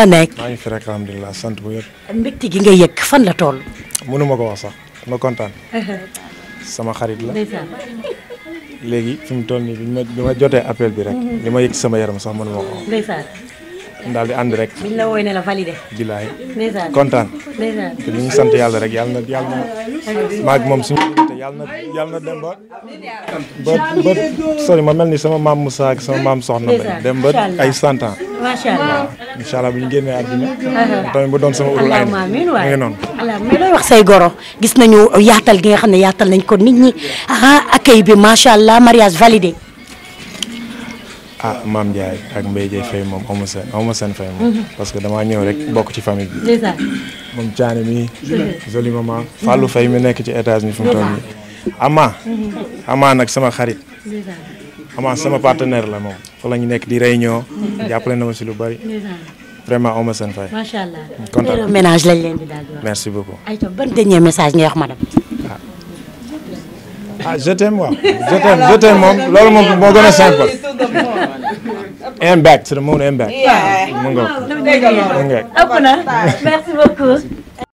foo nekk. maa fi rek alhamdulilah sant bu yëpp. mbégte gi nga yëg fan la toll. mënuma ko wax sax ma kontaan. sama xarit la. léegi fi mu toll nii bi ma jotee appel bi rek. Mhm. li ma yëg sama yaram sax mënuma ko wax. ndeysaan. daal di ànd rek. biñ la kontaan. te ñu ngi sant yàlla rek yàlla na yàlla na. moom suñu te yàlla ma mel ni sama maam Moussa ak sama maam dem ba ay cent macha allah bu ñu génnee àddina. Uh-huh. tamit ba doon sama urul ay na ma ngi noonu. mais looy wax say goro gis nañu yaatal gi nga xam ne yaatal nañ ko nit ñi ah accueil bi macha allah mariage validé. ah maam Ndiaye ak Mbaye Ndiaye Faye moom amu seen amu moom. Mm-hmm. parce que damaa ñëw rek bokk ci famille bi. c'est ça moom Thiané mi. joli maman Fallou mm-hmm. Faye mi nekk ci étage mi fu mu toll nii. Mm-hmm. nag sama xarit. Amath sama partenaire la moom fa la ñu nekk di réunion jàppale na ma si lu bari vraiment am na seen fay. macha allah kontaan ménage lañ merci beaucoup. message ngay wax madame. ah, ah je t'aime waaw je moom loolu moom moo gën a simple. impact c'est le mot impact. mu ngoog mu ngoog. ëpp na merci beaucoup.